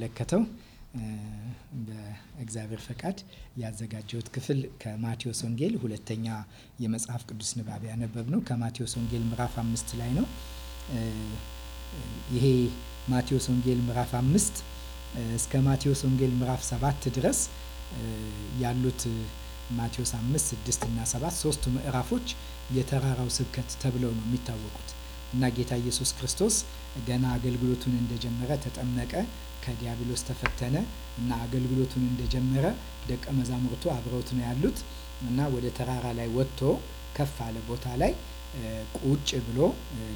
የምንመለከተው በእግዚአብሔር ፈቃድ ያዘጋጀሁት ክፍል ከማቴዎስ ወንጌል ሁለተኛ የመጽሐፍ ቅዱስ ንባብ ያነበብ ነው። ከማቴዎስ ወንጌል ምዕራፍ አምስት ላይ ነው። ይሄ ማቴዎስ ወንጌል ምዕራፍ አምስት እስከ ማቴዎስ ወንጌል ምዕራፍ ሰባት ድረስ ያሉት ማቴዎስ አምስት ስድስት እና ሰባት ሶስቱ ምዕራፎች የተራራው ስብከት ተብለው ነው የሚታወቁት እና ጌታ ኢየሱስ ክርስቶስ ገና አገልግሎቱን እንደጀመረ ተጠመቀ ከዲያብሎስ ተፈተነ እና አገልግሎቱን እንደጀመረ ደቀ መዛሙርቱ አብረውት ነው ያሉት እና ወደ ተራራ ላይ ወጥቶ ከፍ አለ ቦታ ላይ ቁጭ ብሎ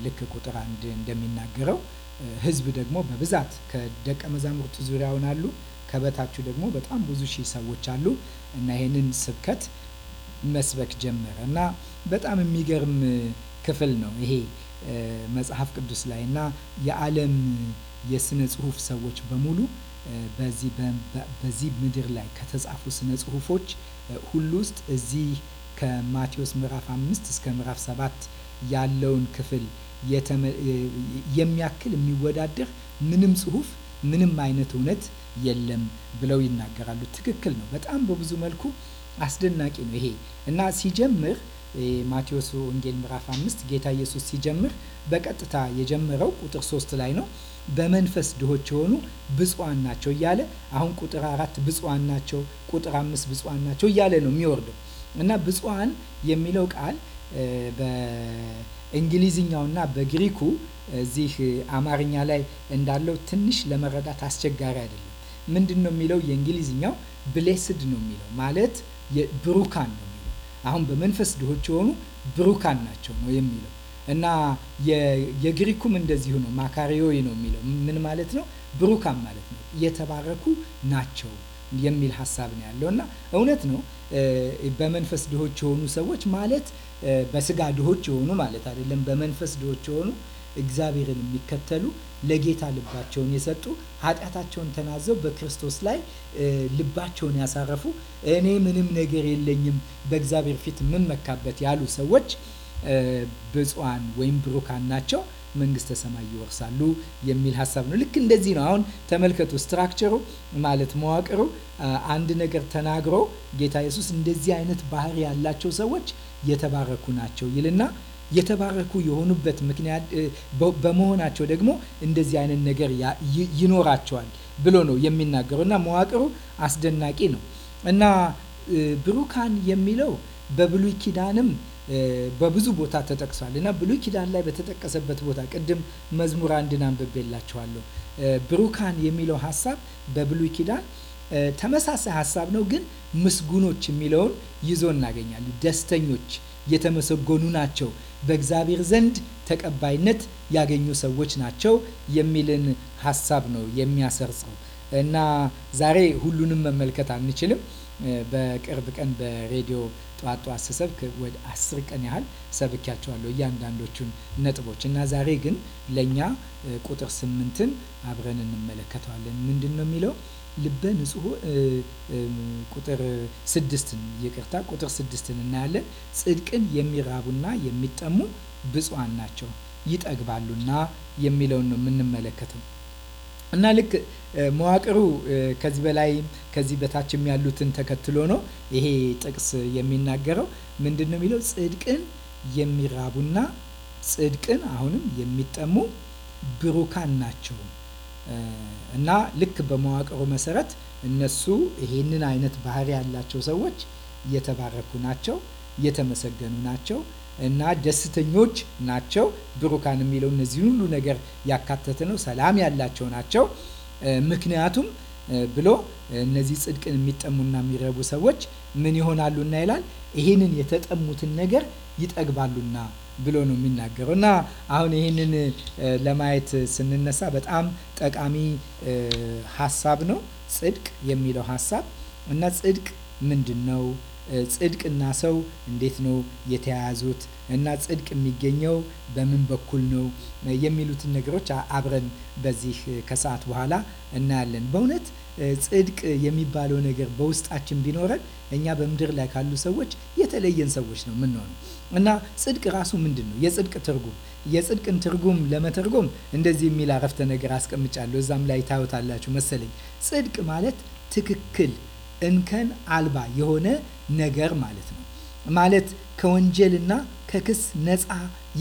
ልክ ቁጥር አንድ እንደሚናገረው ህዝብ ደግሞ በብዛት ከደቀ መዛሙርቱ ዙሪያውን አሉ። ከበታችሁ ደግሞ በጣም ብዙ ሺህ ሰዎች አሉ እና ይህንን ስብከት መስበክ ጀመረ እና በጣም የሚገርም ክፍል ነው ይሄ መጽሐፍ ቅዱስ ላይ እና የዓለም የስነ ጽሁፍ ሰዎች በሙሉ በዚህ ምድር ላይ ከተጻፉ ስነ ጽሁፎች ሁሉ ውስጥ እዚህ ከማቴዎስ ምዕራፍ አምስት እስከ ምዕራፍ ሰባት ያለውን ክፍል የሚያክል የሚወዳደር ምንም ጽሁፍ ምንም አይነት እውነት የለም ብለው ይናገራሉ። ትክክል ነው። በጣም በብዙ መልኩ አስደናቂ ነው ይሄ እና ሲጀምር ማቴዎስ ወንጌል ምዕራፍ አምስት ጌታ ኢየሱስ ሲጀምር በቀጥታ የጀመረው ቁጥር ሶስት ላይ ነው በመንፈስ ድሆች የሆኑ ብፁዋን ናቸው እያለ አሁን ቁጥር አራት ብፁዓን ናቸው፣ ቁጥር አምስት ብፁዓን ናቸው እያለ ነው የሚወርደው እና ብፁዓን የሚለው ቃል በእንግሊዝኛውና በግሪኩ እዚህ አማርኛ ላይ እንዳለው ትንሽ ለመረዳት አስቸጋሪ አይደለም። ምንድን ነው የሚለው? የእንግሊዝኛው ብሌስድ ነው የሚለው ማለት ብሩካን ነው የሚለው። አሁን በመንፈስ ድሆች የሆኑ ብሩካን ናቸው ነው የሚለው እና የግሪኩም እንደዚሁ ነው። ማካሪዮይ ነው የሚለው ምን ማለት ነው? ብሩካን ማለት ነው። የተባረኩ ናቸው የሚል ሀሳብ ነው ያለው እና እውነት ነው። በመንፈስ ድሆች የሆኑ ሰዎች ማለት በስጋ ድሆች የሆኑ ማለት አይደለም። በመንፈስ ድሆች የሆኑ እግዚአብሔርን የሚከተሉ ለጌታ ልባቸውን የሰጡ ኃጢአታቸውን ተናዘው በክርስቶስ ላይ ልባቸውን ያሳረፉ እኔ ምንም ነገር የለኝም በእግዚአብሔር ፊት የምመካበት ያሉ ሰዎች ብፁዓን ወይም ብሩካን ናቸው መንግስተ ሰማይ ይወርሳሉ የሚል ሀሳብ ነው። ልክ እንደዚህ ነው። አሁን ተመልከቱ፣ ስትራክቸሩ ማለት መዋቅሩ አንድ ነገር ተናግሮ ጌታ ኢየሱስ እንደዚህ አይነት ባህሪ ያላቸው ሰዎች የተባረኩ ናቸው ይልና የተባረኩ የሆኑበት ምክንያት በመሆናቸው ደግሞ እንደዚህ አይነት ነገር ይኖራቸዋል ብሎ ነው የሚናገረው እና መዋቅሩ አስደናቂ ነው እና ብሩካን የሚለው በብሉይ ኪዳንም በብዙ ቦታ ተጠቅሷል እና ብሉይ ኪዳን ላይ በተጠቀሰበት ቦታ ቅድም መዝሙር አንድን አንብቤላችኋለሁ። ብሩካን የሚለው ሀሳብ በብሉይ ኪዳን ተመሳሳይ ሀሳብ ነው፣ ግን ምስጉኖች የሚለውን ይዞ እናገኛለን። ደስተኞች የተመሰጎኑ ናቸው፣ በእግዚአብሔር ዘንድ ተቀባይነት ያገኙ ሰዎች ናቸው የሚልን ሀሳብ ነው የሚያሰርጸው እና ዛሬ ሁሉንም መመልከት አንችልም። በቅርብ ቀን በሬዲዮ ጠዋት ጠዋት ስሰብክ ወደ አስር ቀን ያህል ሰብኪያቸዋለሁ እያንዳንዶቹን ነጥቦች እና ዛሬ ግን ለእኛ ቁጥር ስምንትን አብረን እንመለከተዋለን። ምንድን ነው የሚለው? ልበ ንጹህ ቁጥር ስድስትን ይቅርታ፣ ቁጥር ስድስትን እናያለን። ጽድቅን የሚራቡና የሚጠሙ ብፁዓን ናቸው ይጠግባሉና የሚለውን ነው የምንመለከተው። እና ልክ መዋቅሩ ከዚህ በላይም ከዚህ በታችም ያሉትን ተከትሎ ነው ይሄ ጥቅስ የሚናገረው። ምንድን ነው የሚለው? ጽድቅን የሚራቡና ጽድቅን አሁንም የሚጠሙ ብሩካን ናቸው እና ልክ በመዋቅሩ መሰረት እነሱ ይሄንን አይነት ባህሪ ያላቸው ሰዎች የተባረኩ ናቸው፣ የተመሰገኑ ናቸው። እና ደስተኞች ናቸው። ብሩካን የሚለው እነዚህን ሁሉ ነገር ያካተተ ነው። ሰላም ያላቸው ናቸው። ምክንያቱም ብሎ እነዚህ ጽድቅን የሚጠሙና የሚረቡ ሰዎች ምን ይሆናሉና ይላል ይህንን የተጠሙትን ነገር ይጠግባሉና ብሎ ነው የሚናገረው። እና አሁን ይህንን ለማየት ስንነሳ በጣም ጠቃሚ ሀሳብ ነው ጽድቅ የሚለው ሀሳብ እና ጽድቅ ምንድን ነው ጽድቅና ሰው እንዴት ነው የተያያዙት እና ጽድቅ የሚገኘው በምን በኩል ነው የሚሉትን ነገሮች አብረን በዚህ ከሰዓት በኋላ እናያለን። በእውነት ጽድቅ የሚባለው ነገር በውስጣችን ቢኖረን እኛ በምድር ላይ ካሉ ሰዎች የተለየን ሰዎች ነው የምንሆነው እና ጽድቅ ራሱ ምንድን ነው? የጽድቅ ትርጉም የጽድቅን ትርጉም ለመተርጎም እንደዚህ የሚል አረፍተ ነገር አስቀምጫለሁ። እዛም ላይ ታዩታላችሁ መሰለኝ። ጽድቅ ማለት ትክክል እንከን አልባ የሆነ ነገር ማለት ነው። ማለት ከወንጀልና ከክስ ነፃ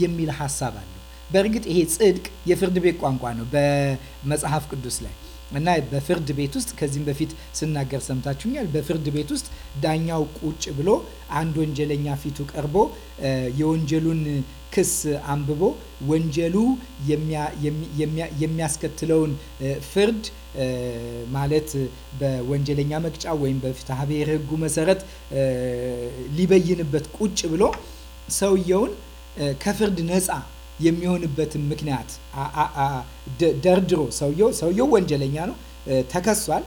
የሚል ሀሳብ አለው። በእርግጥ ይሄ ጽድቅ የፍርድ ቤት ቋንቋ ነው በመጽሐፍ ቅዱስ ላይ እና በፍርድ ቤት ውስጥ ከዚህም በፊት ስናገር ሰምታችሁኛል። በፍርድ ቤት ውስጥ ዳኛው ቁጭ ብሎ አንድ ወንጀለኛ ፊቱ ቀርቦ የወንጀሉን ክስ አንብቦ ወንጀሉ የሚያስከትለውን ፍርድ ማለት በወንጀለኛ መቅጫ ወይም በፍትሐ ብሔር ሕጉ መሰረት ሊበይንበት ቁጭ ብሎ ሰውየውን ከፍርድ ነፃ የሚሆንበትን ምክንያት ደርድሮ ሰውየው ሰውየው ወንጀለኛ ነው፣ ተከሷል።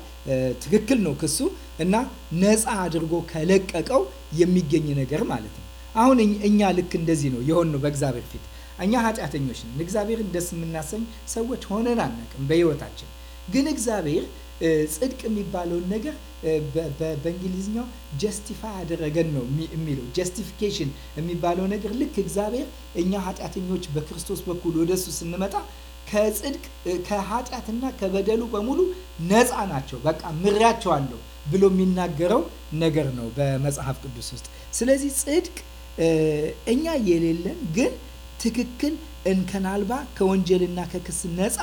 ትክክል ነው ክሱ እና ነፃ አድርጎ ከለቀቀው የሚገኝ ነገር ማለት ነው። አሁን እኛ ልክ እንደዚህ ነው የሆን ነው በእግዚአብሔር ፊት እኛ ኃጢአተኞች ነን። እግዚአብሔርን ደስ የምናሰኝ ሰዎች ሆነን አናውቅም በህይወታችን ግን እግዚአብሔር ጽድቅ የሚባለውን ነገር በእንግሊዝኛው ጀስቲፋይ ያደረገን ነው የሚለው። ጀስቲፊኬሽን የሚባለው ነገር ልክ እግዚአብሔር እኛ ኃጢአተኞች በክርስቶስ በኩል ወደ ስንመጣ ከጽድቅ ከኃጢአትና ከበደሉ በሙሉ ነፃ ናቸው፣ በቃ አለው ብሎ የሚናገረው ነገር ነው በመጽሐፍ ቅዱስ ውስጥ። ስለዚህ ጽድቅ እኛ የሌለን ግን ትክክል እንከን አልባ ከወንጀልና ከክስ ነፃ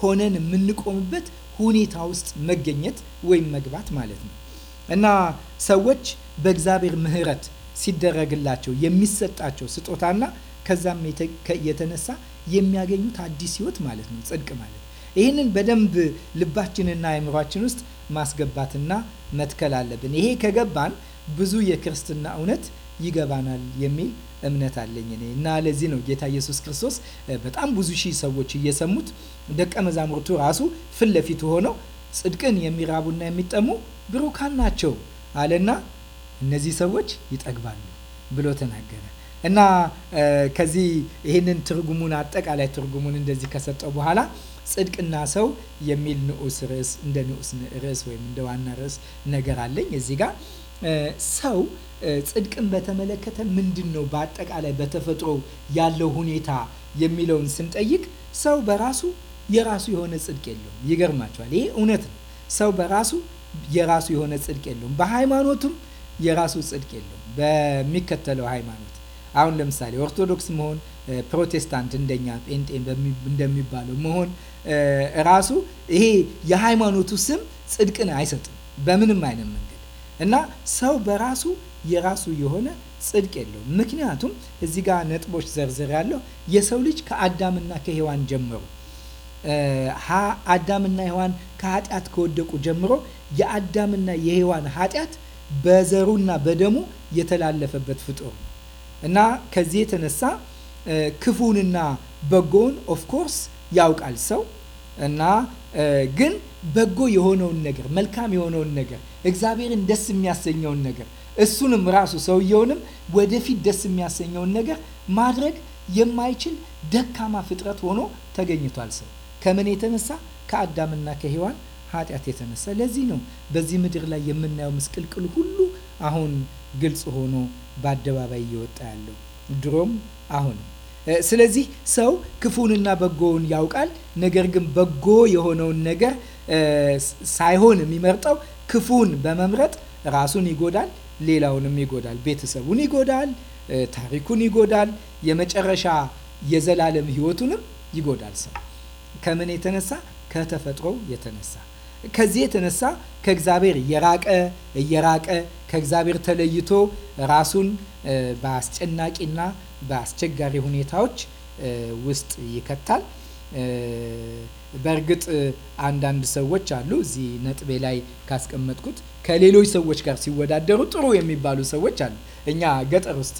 ሆነን የምንቆምበት ሁኔታ ውስጥ መገኘት ወይም መግባት ማለት ነው እና ሰዎች በእግዚአብሔር ምሕረት ሲደረግላቸው የሚሰጣቸው ስጦታና ከዛም የተነሳ የሚያገኙት አዲስ ህይወት ማለት ነው፣ ጽድቅ ማለት ይህንን በደንብ ልባችንና አእምሯችን ውስጥ ማስገባትና መትከል አለብን። ይሄ ከገባን ብዙ የክርስትና እውነት ይገባናል የሚል እምነት አለኝ እኔ እና ለዚህ ነው ጌታ ኢየሱስ ክርስቶስ በጣም ብዙ ሺህ ሰዎች እየሰሙት ደቀ መዛሙርቱ ራሱ ፊት ለፊቱ ሆነው ጽድቅን የሚራቡና የሚጠሙ ብሩካን ናቸው አለና እነዚህ ሰዎች ይጠግባሉ ብሎ ተናገረ። እና ከዚህ ይህንን ትርጉሙን አጠቃላይ ትርጉሙን እንደዚህ ከሰጠው በኋላ ጽድቅና ሰው የሚል ንዑስ ርዕስ እንደ ንዑስ ርዕስ ወይም እንደ ዋና ርዕስ ነገር አለኝ እዚህ ጋር ሰው ጽድቅን በተመለከተ ምንድን ነው በአጠቃላይ በተፈጥሮ ያለው ሁኔታ የሚለውን ስንጠይቅ ሰው በራሱ የራሱ የሆነ ጽድቅ የለውም። ይገርማቸዋል። ይሄ እውነት ነው። ሰው በራሱ የራሱ የሆነ ጽድቅ የለውም። በሃይማኖቱም የራሱ ጽድቅ የለውም። በሚከተለው ሃይማኖት አሁን ለምሳሌ ኦርቶዶክስ መሆን፣ ፕሮቴስታንት እንደኛ ጴንጤ እንደሚባለው መሆን ራሱ ይሄ የሃይማኖቱ ስም ጽድቅን አይሰጥም በምንም አይነት እና ሰው በራሱ የራሱ የሆነ ጽድቅ የለውም። ምክንያቱም እዚህ ጋር ነጥቦች ዘርዝር ያለው የሰው ልጅ ከአዳምና ከሔዋን ጀምሮ አዳምና ሔዋን ከኃጢአት ከወደቁ ጀምሮ የአዳምና የሔዋን ኃጢአት በዘሩና በደሙ የተላለፈበት ፍጡር ነው እና ከዚህ የተነሳ ክፉንና በጎውን ኦፍኮርስ ያውቃል ሰው እና ግን በጎ የሆነውን ነገር፣ መልካም የሆነውን ነገር፣ እግዚአብሔርን ደስ የሚያሰኘውን ነገር እሱንም ራሱ ሰውየውንም ወደፊት ደስ የሚያሰኘውን ነገር ማድረግ የማይችል ደካማ ፍጥረት ሆኖ ተገኝቷል። ሰው ከምን የተነሳ ከአዳምና ከሔዋን ኃጢአት የተነሳ። ለዚህ ነው በዚህ ምድር ላይ የምናየው ምስቅልቅል ሁሉ አሁን ግልጽ ሆኖ በአደባባይ እየወጣ ያለው ድሮም አሁንም ስለዚህ ሰው ክፉንና በጎውን ያውቃል። ነገር ግን በጎ የሆነውን ነገር ሳይሆን የሚመርጠው ክፉን በመምረጥ ራሱን ይጎዳል፣ ሌላውንም ይጎዳል፣ ቤተሰቡን ይጎዳል፣ ታሪኩን ይጎዳል፣ የመጨረሻ የዘላለም ህይወቱንም ይጎዳል። ሰው ከምን የተነሳ? ከተፈጥሮ የተነሳ ከዚህ የተነሳ ከእግዚአብሔር የራቀ እየራቀ ከእግዚአብሔር ተለይቶ ራሱን በአስጨናቂና በአስቸጋሪ ሁኔታዎች ውስጥ ይከታል። በእርግጥ አንዳንድ ሰዎች አሉ እዚህ ነጥቤ ላይ ካስቀመጥኩት ከሌሎች ሰዎች ጋር ሲወዳደሩ ጥሩ የሚባሉ ሰዎች አሉ። እኛ ገጠር ውስጥ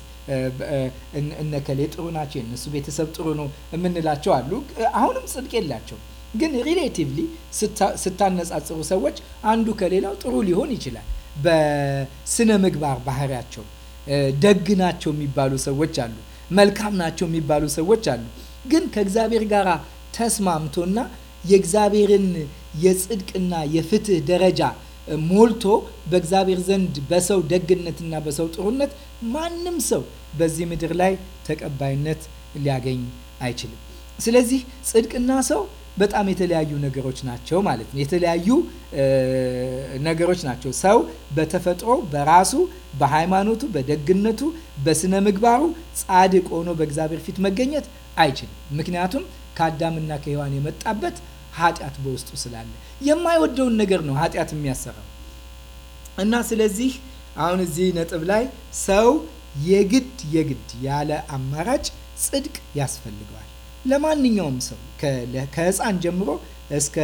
እነከሌ ጥሩ ናቸው፣ የነሱ ቤተሰብ ጥሩ ነው የምንላቸው አሉ። አሁንም ጽድቅ የላቸው ግን ሪሌቲቭሊ ስታነጻጽሩ ሰዎች አንዱ ከሌላው ጥሩ ሊሆን ይችላል። በስነ ምግባር ባህሪያቸው ደግ ናቸው የሚባሉ ሰዎች አሉ። መልካም ናቸው የሚባሉ ሰዎች አሉ። ግን ከእግዚአብሔር ጋር ተስማምቶና የእግዚአብሔርን የጽድቅና የፍትህ ደረጃ ሞልቶ በእግዚአብሔር ዘንድ በሰው ደግነትና በሰው ጥሩነት ማንም ሰው በዚህ ምድር ላይ ተቀባይነት ሊያገኝ አይችልም። ስለዚህ ጽድቅና ሰው በጣም የተለያዩ ነገሮች ናቸው ማለት ነው። የተለያዩ ነገሮች ናቸው። ሰው በተፈጥሮ በራሱ በሃይማኖቱ፣ በደግነቱ፣ በስነ ምግባሩ ጻድቅ ሆኖ በእግዚአብሔር ፊት መገኘት አይችልም። ምክንያቱም ከአዳምና ከሔዋን የመጣበት ኃጢአት በውስጡ ስላለ የማይወደውን ነገር ነው ኃጢአት የሚያሰራው እና ስለዚህ አሁን እዚህ ነጥብ ላይ ሰው የግድ የግድ ያለ አማራጭ ጽድቅ ያስፈልገዋል። ለማንኛውም ሰው ከህፃን ጀምሮ እስከ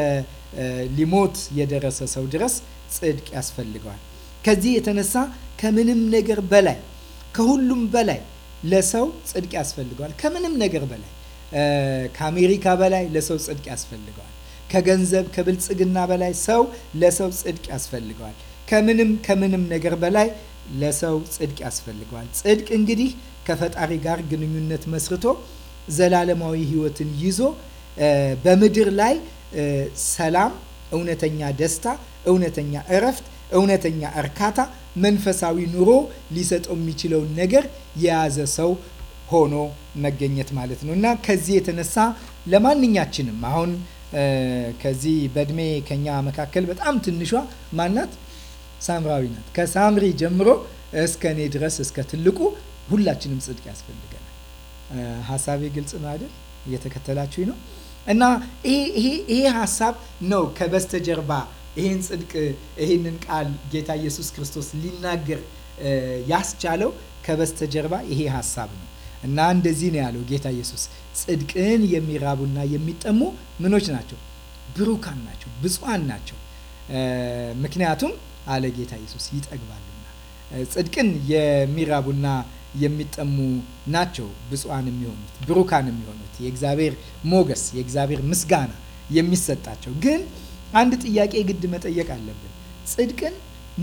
ሊሞት የደረሰ ሰው ድረስ ጽድቅ ያስፈልገዋል። ከዚህ የተነሳ ከምንም ነገር በላይ ከሁሉም በላይ ለሰው ጽድቅ ያስፈልገዋል። ከምንም ነገር በላይ ከአሜሪካ በላይ ለሰው ጽድቅ ያስፈልገዋል። ከገንዘብ ከብልጽግና በላይ ሰው ለሰው ጽድቅ ያስፈልገዋል። ከምንም ከምንም ነገር በላይ ለሰው ጽድቅ ያስፈልገዋል። ጽድቅ እንግዲህ ከፈጣሪ ጋር ግንኙነት መስርቶ ዘላለማዊ ህይወትን ይዞ በምድር ላይ ሰላም፣ እውነተኛ ደስታ፣ እውነተኛ እረፍት፣ እውነተኛ እርካታ፣ መንፈሳዊ ኑሮ ሊሰጠው የሚችለውን ነገር የያዘ ሰው ሆኖ መገኘት ማለት ነው እና ከዚህ የተነሳ ለማንኛችንም አሁን ከዚህ በእድሜ ከኛ መካከል በጣም ትንሿ ማናት? ሳምራዊ ናት። ከሳምሪ ጀምሮ እስከ እኔ ድረስ እስከ ትልቁ ሁላችንም ጽድቅ ያስፈልጋል። ሀሳቤ ግልጽ ነው አይደል? እየተከተላችሁኝ ነው። እና ይሄ ሀሳብ ነው ከበስተጀርባ ይህን ጽድቅ ይህንን ቃል ጌታ ኢየሱስ ክርስቶስ ሊናገር ያስቻለው ከበስተጀርባ ይሄ ሀሳብ ነው። እና እንደዚህ ነው ያለው ጌታ ኢየሱስ ጽድቅን የሚራቡና የሚጠሙ ምኖች ናቸው? ብሩካን ናቸው፣ ብፁዓን ናቸው። ምክንያቱም አለ ጌታ ኢየሱስ ይጠግባሉና። ጽድቅን የሚራቡና የሚጠሙ ናቸው ብፁዓን የሚሆኑት ብሩካን የሚሆኑት የእግዚአብሔር ሞገስ የእግዚአብሔር ምስጋና የሚሰጣቸው። ግን አንድ ጥያቄ ግድ መጠየቅ አለብን። ጽድቅን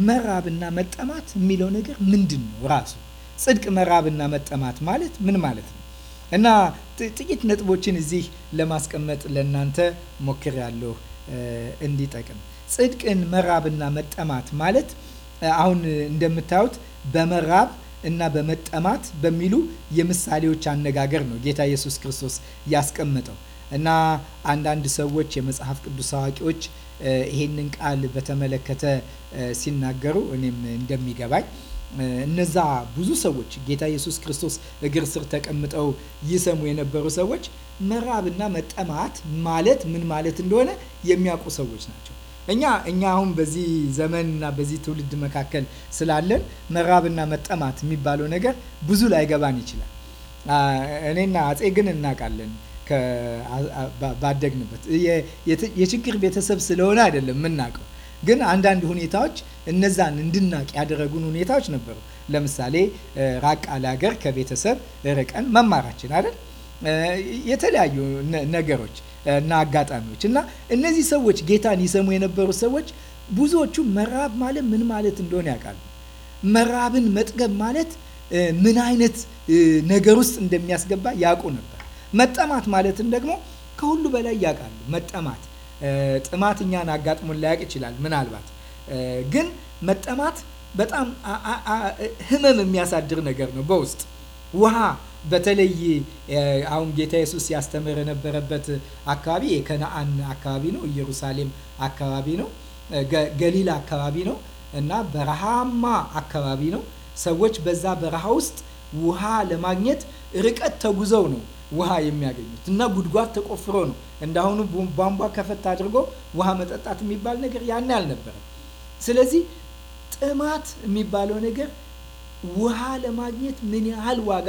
መራብና መጠማት የሚለው ነገር ምንድን ነው? ራሱ ጽድቅ መራብና መጠማት ማለት ምን ማለት ነው? እና ጥቂት ነጥቦችን እዚህ ለማስቀመጥ ለእናንተ ሞክሬያለሁ እንዲጠቅም። ጽድቅን መራብና መጠማት ማለት አሁን እንደምታዩት በመራብ እና በመጠማት በሚሉ የምሳሌዎች አነጋገር ነው ጌታ ኢየሱስ ክርስቶስ ያስቀመጠው እና አንዳንድ ሰዎች የመጽሐፍ ቅዱስ አዋቂዎች ይሄንን ቃል በተመለከተ ሲናገሩ እኔም እንደሚገባኝ እነዛ ብዙ ሰዎች ጌታ ኢየሱስ ክርስቶስ እግር ስር ተቀምጠው ይሰሙ የነበሩ ሰዎች መራብና መጠማት ማለት ምን ማለት እንደሆነ የሚያውቁ ሰዎች ናቸው። እኛ እኛ አሁን በዚህ ዘመንና በዚህ ትውልድ መካከል ስላለን መራብና መጠማት የሚባለው ነገር ብዙ ላይገባን ይችላል። እኔና አፄ ግን እናውቃለን። ባደግንበት የችግር ቤተሰብ ስለሆነ አይደለም የምናውቀው፣ ግን አንዳንድ ሁኔታዎች እነዛን እንድናቅ ያደረጉን ሁኔታዎች ነበሩ። ለምሳሌ ራቅ አለ ሀገር ከቤተሰብ ርቀን መማራችን አይደል የተለያዩ ነገሮች እና አጋጣሚዎች እና እነዚህ ሰዎች ጌታን ይሰሙ የነበሩ ሰዎች ብዙዎቹ መራብ ማለት ምን ማለት እንደሆነ ያውቃሉ። መራብን መጥገብ ማለት ምን አይነት ነገር ውስጥ እንደሚያስገባ ያውቁ ነበር። መጠማት ማለትም ደግሞ ከሁሉ በላይ ያውቃሉ። መጠማት ጥማት እኛን አጋጥሞን ላያውቅ ይችላል ምናልባት ግን መጠማት በጣም ህመም የሚያሳድር ነገር ነው በውስጥ ውሃ በተለይ አሁን ጌታ የሱስ ያስተምር የነበረበት አካባቢ የከነአን አካባቢ ነው። ኢየሩሳሌም አካባቢ ነው። ገሊላ አካባቢ ነው እና በረሃማ አካባቢ ነው። ሰዎች በዛ በረሃ ውስጥ ውሃ ለማግኘት ርቀት ተጉዘው ነው ውሃ የሚያገኙት እና ጉድጓድ ተቆፍሮ ነው። እንዳሁኑ ቧንቧ ከፈት አድርጎ ውሃ መጠጣት የሚባል ነገር ያን አልነበረም። ስለዚህ ጥማት የሚባለው ነገር ውሃ ለማግኘት ምን ያህል ዋጋ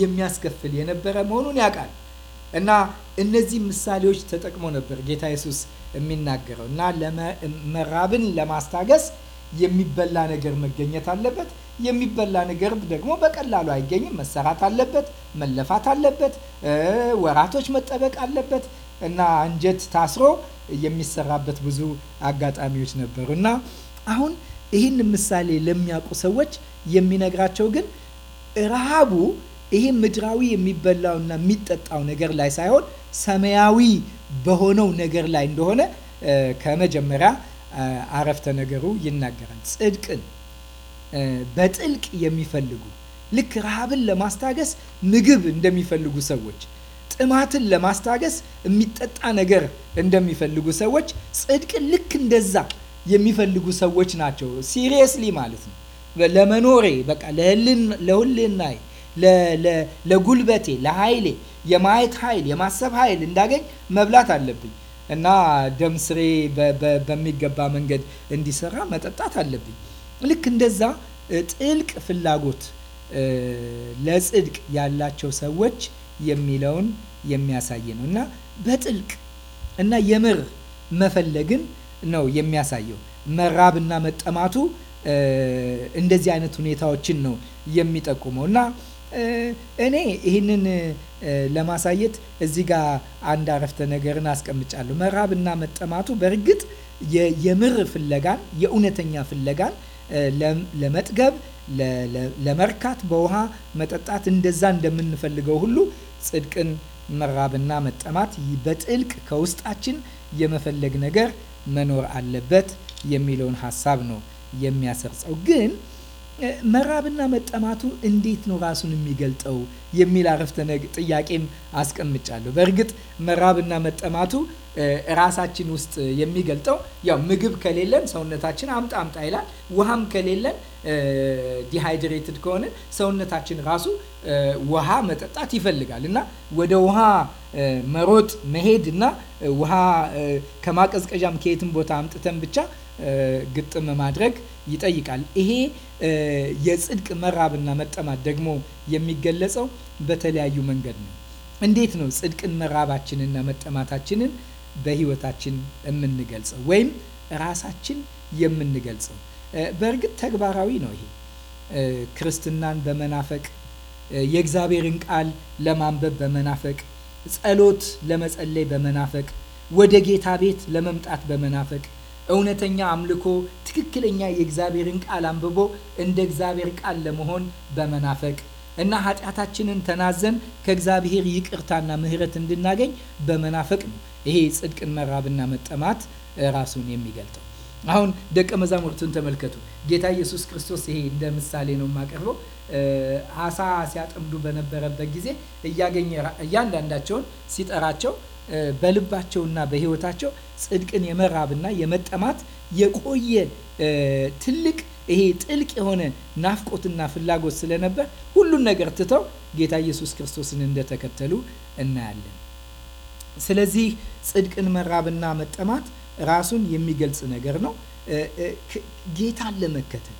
የሚያስከፍል የነበረ መሆኑን ያውቃል እና እነዚህ ምሳሌዎች ተጠቅሞ ነበር ጌታ ኢየሱስ የሚናገረው እና መራብን ለማስታገስ የሚበላ ነገር መገኘት አለበት። የሚበላ ነገር ደግሞ በቀላሉ አይገኝም። መሰራት አለበት፣ መለፋት አለበት፣ ወራቶች መጠበቅ አለበት እና አንጀት ታስሮ የሚሰራበት ብዙ አጋጣሚዎች ነበሩ እና አሁን ይህን ምሳሌ ለሚያውቁ ሰዎች የሚነግራቸው ግን ረሃቡ ይሄ ምድራዊ የሚበላውና የሚጠጣው ነገር ላይ ሳይሆን ሰማያዊ በሆነው ነገር ላይ እንደሆነ ከመጀመሪያ አረፍተ ነገሩ ይናገራል። ጽድቅን በጥልቅ የሚፈልጉ ልክ ረሃብን ለማስታገስ ምግብ እንደሚፈልጉ ሰዎች፣ ጥማትን ለማስታገስ የሚጠጣ ነገር እንደሚፈልጉ ሰዎች፣ ጽድቅን ልክ እንደዛ የሚፈልጉ ሰዎች ናቸው። ሲሪየስሊ ማለት ነው። ለመኖሬ በቃ ለህልናዬ፣ ለጉልበቴ፣ ለኃይሌ የማየት ኃይል የማሰብ ኃይል እንዳገኝ መብላት አለብኝ እና ደም ስሬ በሚገባ መንገድ እንዲሰራ መጠጣት አለብኝ። ልክ እንደዛ ጥልቅ ፍላጎት ለጽድቅ ያላቸው ሰዎች የሚለውን የሚያሳይ ነው እና በጥልቅ እና የምር መፈለግን ነው የሚያሳየው። መራብና መጠማቱ እንደዚህ አይነት ሁኔታዎችን ነው የሚጠቁመው እና እኔ ይህንን ለማሳየት እዚህ ጋር አንድ አረፍተ ነገርን አስቀምጫለሁ። መራብና መጠማቱ በእርግጥ የምር ፍለጋን የእውነተኛ ፍለጋን ለመጥገብ ለመርካት በውሃ መጠጣት እንደዛ እንደምንፈልገው ሁሉ ጽድቅን መራብና መጠማት በጥልቅ ከውስጣችን የመፈለግ ነገር መኖር አለበት የሚለውን ሀሳብ ነው የሚያሰርጸው ግን መራብና መጠማቱ እንዴት ነው ራሱን የሚገልጠው የሚል አረፍተ ጥያቄም አስቀምጫለሁ። በእርግጥ መራብና መጠማቱ ራሳችን ውስጥ የሚገልጠው ያው ምግብ ከሌለን ሰውነታችን አምጣ አምጣ ይላል። ውሃም ከሌለን ዲሃይድሬትድ ከሆነ ሰውነታችን ራሱ ውሃ መጠጣት ይፈልጋል እና ወደ ውሃ መሮጥ መሄድ እና ውሃ ከማቀዝቀዣም ከየትም ቦታ አምጥተን ብቻ ግጥም ማድረግ ይጠይቃል። ይሄ የጽድቅ መራብና መጠማት ደግሞ የሚገለጸው በተለያዩ መንገድ ነው። እንዴት ነው ጽድቅን መራባችንና መጠማታችንን በህይወታችን የምንገልጸው ወይም ራሳችን የምንገልጸው? በእርግጥ ተግባራዊ ነው። ይሄ ክርስትናን በመናፈቅ የእግዚአብሔርን ቃል ለማንበብ በመናፈቅ ጸሎት ለመጸለይ በመናፈቅ ወደ ጌታ ቤት ለመምጣት በመናፈቅ እውነተኛ አምልኮ ትክክለኛ የእግዚአብሔርን ቃል አንብቦ እንደ እግዚአብሔር ቃል ለመሆን በመናፈቅ እና ኃጢአታችንን ተናዘን ከእግዚአብሔር ይቅርታና ምሕረት እንድናገኝ በመናፈቅ ነው። ይሄ ጽድቅን መራብና መጠማት ራሱን የሚገልጠው። አሁን ደቀ መዛሙርቱን ተመልከቱ። ጌታ ኢየሱስ ክርስቶስ ይሄ እንደ ምሳሌ ነው የማቀርበው። አሳ ሲያጠምዱ በነበረበት ጊዜ እያገኘ እያንዳንዳቸውን ሲጠራቸው በልባቸውና በህይወታቸው ጽድቅን የመራብና የመጠማት የቆየ ትልቅ ይሄ ጥልቅ የሆነ ናፍቆትና ፍላጎት ስለነበር ሁሉን ነገር ትተው ጌታ ኢየሱስ ክርስቶስን እንደተከተሉ እናያለን። ስለዚህ ጽድቅን መራብና መጠማት ራሱን የሚገልጽ ነገር ነው። ጌታን ለመከተል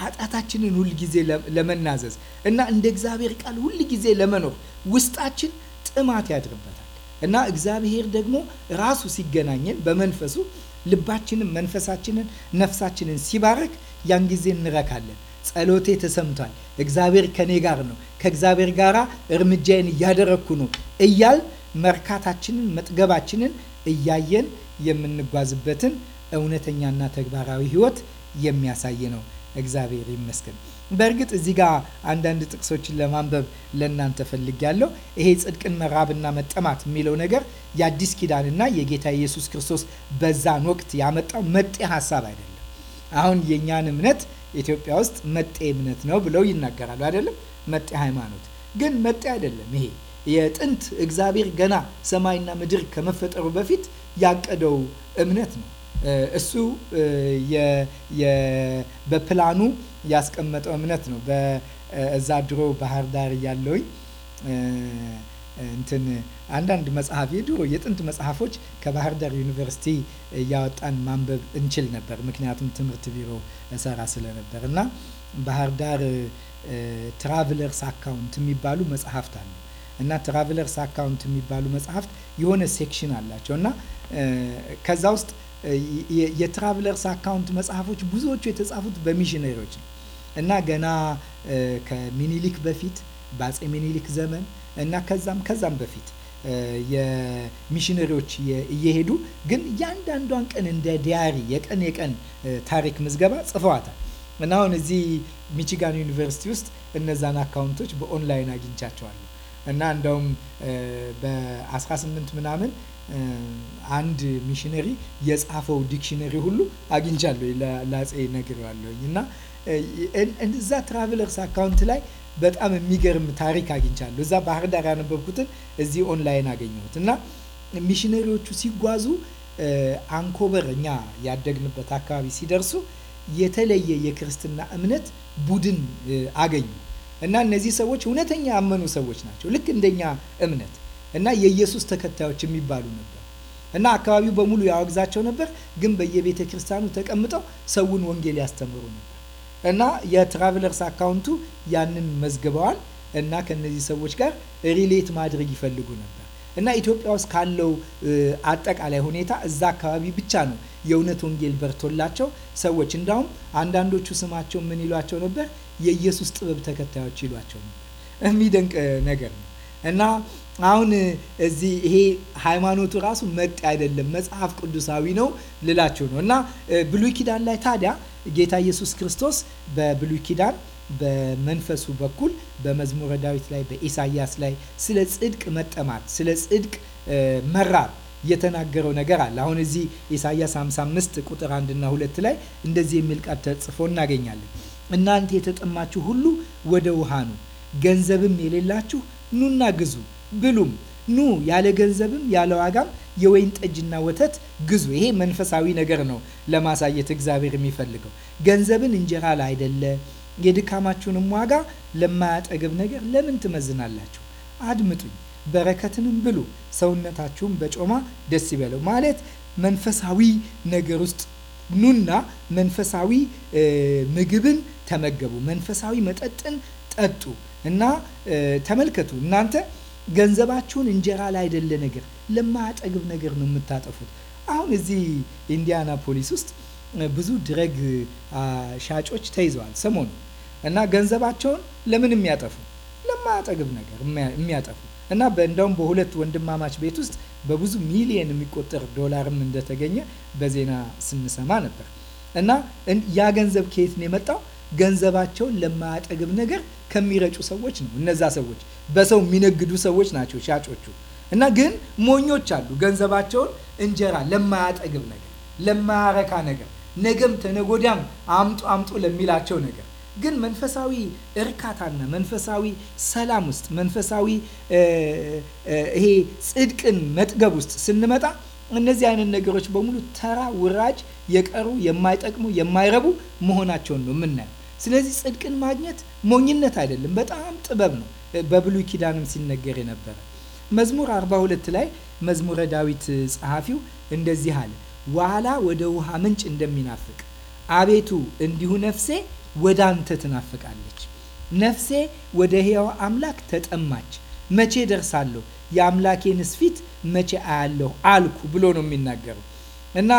ኃጢአታችንን ሁልጊዜ ለመናዘዝ እና እንደ እግዚአብሔር ቃል ሁልጊዜ ለመኖር ውስጣችን ጥማት ያድርበታል። እና እግዚአብሔር ደግሞ ራሱ ሲገናኘን በመንፈሱ ልባችንን፣ መንፈሳችንን፣ ነፍሳችንን ሲባርክ ያን ጊዜ እንረካለን። ጸሎቴ ተሰምቷል፣ እግዚአብሔር ከኔ ጋር ነው፣ ከእግዚአብሔር ጋር እርምጃዬን እያደረግኩ ነው እያል መርካታችንን፣ መጥገባችንን እያየን የምንጓዝበትን እውነተኛና ተግባራዊ ህይወት የሚያሳይ ነው። እግዚአብሔር ይመስገን። በእርግጥ እዚህ ጋር አንዳንድ ጥቅሶችን ለማንበብ ለእናንተ ያለው ይሄ ጽድቅን መራብና መጠማት የሚለው ነገር የአዲስ ኪዳንና የጌታ ኢየሱስ ክርስቶስ በዛን ወቅት ያመጣው መጤ ሀሳብ አይደለም። አሁን የእኛን እምነት ኢትዮጵያ ውስጥ መጤ እምነት ነው ብለው ይናገራሉ አይደለም? መጤ ሃይማኖት ግን መጤ አይደለም። ይሄ የጥንት እግዚአብሔር ገና ሰማይና ምድር ከመፈጠሩ በፊት ያቀደው እምነት ነው። እሱ በፕላኑ ያስቀመጠው እምነት ነው። በእዛ ድሮ ባህር ዳር እያለውኝ እንትን አንዳንድ መጽሐፍ የድሮ የጥንት መጽሐፎች ከባህር ዳር ዩኒቨርሲቲ እያወጣን ማንበብ እንችል ነበር። ምክንያቱም ትምህርት ቢሮ እሰራ ስለነበር እና ባህር ዳር ትራቭለርስ አካውንት የሚባሉ መጽሐፍት አሉ እና ትራቭለርስ አካውንት የሚባሉ መጽሐፍት የሆነ ሴክሽን አላቸው እና ከዛ ውስጥ የትራቭለርስ አካውንት መጽሐፎች ብዙዎቹ የተጻፉት በሚሽነሪዎች ነው እና ገና ከሚኒሊክ በፊት በአጼ ሚኒሊክ ዘመን እና ከዛም ከዛም በፊት የሚሽነሪዎች እየሄዱ ግን እያንዳንዷን ቀን እንደ ዲያሪ የቀን የቀን ታሪክ ምዝገባ ጽፈዋታል እና አሁን እዚህ ሚቺጋን ዩኒቨርሲቲ ውስጥ እነዛን አካውንቶች በኦንላይን አግኝቻቸዋለሁ እና እንደውም በ18 ምናምን አንድ ሚሽነሪ የጻፈው ዲክሽነሪ ሁሉ አግኝቻለሁ ለአፄ ነግሬዋለሁኝ እና እዛ ትራቨለርስ አካውንት ላይ በጣም የሚገርም ታሪክ አግኝቻለሁ። እዛ ባህር ዳር ያነበብኩትን እዚህ ኦንላይን አገኘሁት እና ሚሽነሪዎቹ ሲጓዙ አንኮበር እኛ ያደግንበት አካባቢ ሲደርሱ የተለየ የክርስትና እምነት ቡድን አገኙ እና እነዚህ ሰዎች እውነተኛ ያመኑ ሰዎች ናቸው ልክ እንደኛ እምነት እና የኢየሱስ ተከታዮች የሚባሉ ነበር እና አካባቢው በሙሉ ያወግዛቸው ነበር፣ ግን በየቤተ ክርስቲያኑ ተቀምጠው ሰውን ወንጌል ያስተምሩ ነበር እና የትራቨለርስ አካውንቱ ያንን መዝግበዋል እና ከነዚህ ሰዎች ጋር ሪሌት ማድረግ ይፈልጉ ነበር እና ኢትዮጵያ ውስጥ ካለው አጠቃላይ ሁኔታ እዛ አካባቢ ብቻ ነው የእውነት ወንጌል በርቶላቸው ሰዎች እንዳውም አንዳንዶቹ ስማቸው ምን ይሏቸው ነበር? የኢየሱስ ጥበብ ተከታዮች ይሏቸው ነበር። የሚደንቅ ነገር ነው እና አሁን እዚህ ይሄ ሃይማኖቱ ራሱ መጥ አይደለም፣ መጽሐፍ ቅዱሳዊ ነው ልላችሁ ነው። እና ብሉይ ኪዳን ላይ ታዲያ ጌታ ኢየሱስ ክርስቶስ በብሉይ ኪዳን በመንፈሱ በኩል በመዝሙረ ዳዊት ላይ በኢሳያስ ላይ ስለ ጽድቅ መጠማት ስለ ጽድቅ መራብ የተናገረው ነገር አለ። አሁን እዚህ ኢሳያስ 55 ቁጥር 1 እና 2 ላይ እንደዚህ የሚል ቃል ተጽፎ እናገኛለን። እናንተ የተጠማችሁ ሁሉ ወደ ውሃ ነው፣ ገንዘብም የሌላችሁ ኑና ግዙ ብሉም፣ ኑ ያለ ገንዘብም ያለ ዋጋም የወይን ጠጅና ወተት ግዙ። ይሄ መንፈሳዊ ነገር ነው ለማሳየት እግዚአብሔር የሚፈልገው ገንዘብን እንጀራ ላይ አይደለ፣ የድካማችሁንም ዋጋ ለማያጠግብ ነገር ለምን ትመዝናላችሁ? አድምጡኝ፣ በረከትንም ብሉ፣ ሰውነታችሁም በጮማ ደስ ይበለው ማለት መንፈሳዊ ነገር ውስጥ ኑና መንፈሳዊ ምግብን ተመገቡ፣ መንፈሳዊ መጠጥን ጠጡ እና ተመልከቱ እናንተ ገንዘባችሁን እንጀራ ላይ ነገር ለማያጠግብ ነገር ነው የምታጠፉት። አሁን እዚህ ኢንዲያና ፖሊስ ውስጥ ብዙ ድረግ ሻጮች ተይዘዋል ሰሞኑ እና ገንዘባቸውን ለምን የሚያጠፉ ለማያጠግብ ነገር የሚያጠፉ እና እንደውም በሁለት ወንድማማች ቤት ውስጥ በብዙ ሚሊየን የሚቆጠር ዶላርም እንደተገኘ በዜና ስንሰማ ነበር። እና ያ ገንዘብ ከየት ነው የመጣው? ገንዘባቸውን ለማያጠግብ ነገር ከሚረጩ ሰዎች ነው። እነዛ ሰዎች በሰው የሚነግዱ ሰዎች ናቸው ሻጮቹ። እና ግን ሞኞች አሉ። ገንዘባቸውን እንጀራ ለማያጠግብ ነገር፣ ለማያረካ ነገር፣ ነገም ተነጎዳም አምጡ አምጡ ለሚላቸው ነገር ግን መንፈሳዊ እርካታና መንፈሳዊ ሰላም ውስጥ መንፈሳዊ ይሄ ጽድቅን መጥገብ ውስጥ ስንመጣ እነዚህ አይነት ነገሮች በሙሉ ተራ ውራጅ የቀሩ የማይጠቅሙ የማይረቡ መሆናቸውን ነው የምናየው። ስለዚህ ጽድቅን ማግኘት ሞኝነት አይደለም፣ በጣም ጥበብ ነው። በብሉይ ኪዳንም ሲነገር የነበረ መዝሙር 42 ላይ መዝሙረ ዳዊት ጸሐፊው እንደዚህ አለ፣ ዋላ ወደ ውሃ ምንጭ እንደሚናፍቅ አቤቱ እንዲሁ ነፍሴ ወደ አንተ ትናፍቃለች። ነፍሴ ወደ ሕያው አምላክ ተጠማች። መቼ ደርሳለሁ የአምላኬንስ ፊት መቼ አያለሁ አልኩ ብሎ ነው የሚናገረው። እና